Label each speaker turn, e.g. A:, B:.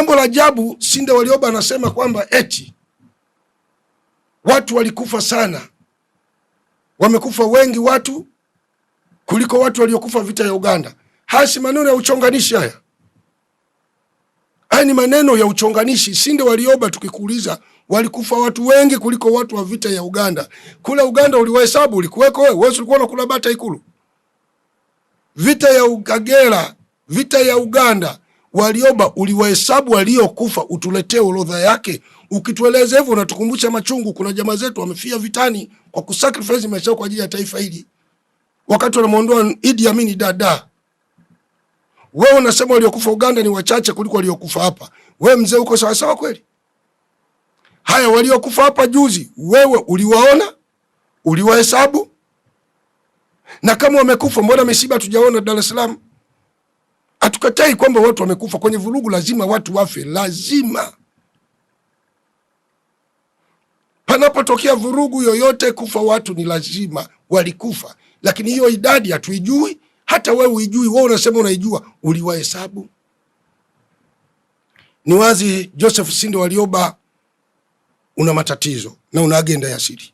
A: jambo la ajabu, Sinde Walioba anasema kwamba eti watu walikufa sana, wamekufa wengi watu kuliko watu waliokufa vita ya Uganda. Haya si maneno ya uchonganishi, haya haya ni maneno ya uchonganishi. Sinde Walioba tukikuuliza, walikufa watu wengi kuliko watu wa vita ya Uganda. Kule Uganda uliwahesabu? Ulikuweko wewe? Wewe ulikuwa unakula bata Ikulu? Vita ya Kagera, vita ya Uganda waliomba, uliwahesabu waliokufa, utuletee orodha yake. Ukitueleza hivyo unatukumbusha machungu. Kuna jamaa zetu wamefia vitani kwa kusacrifice maisha kwa ajili ya taifa hili, wakati wanamwondoa Idi Amin Dada. Wewe unasema waliokufa Uganda ni wachache kuliko waliokufa hapa. Wewe mzee, uko sawa sawa kweli? Haya, waliokufa hapa juzi, wewe uliwaona? Uliwahesabu? na kama wamekufa, mbona misiba tujaona Dar es Salaam? Hatukatai kwamba watu wamekufa kwenye vurugu, lazima watu wafe, lazima panapotokea vurugu yoyote, kufa watu ni lazima, walikufa. Lakini hiyo idadi hatuijui, hata wewe uijui. Wewe unasema unaijua, uliwahesabu? Ni wazi Joseph Sinde Warioba una matatizo na una agenda ya siri.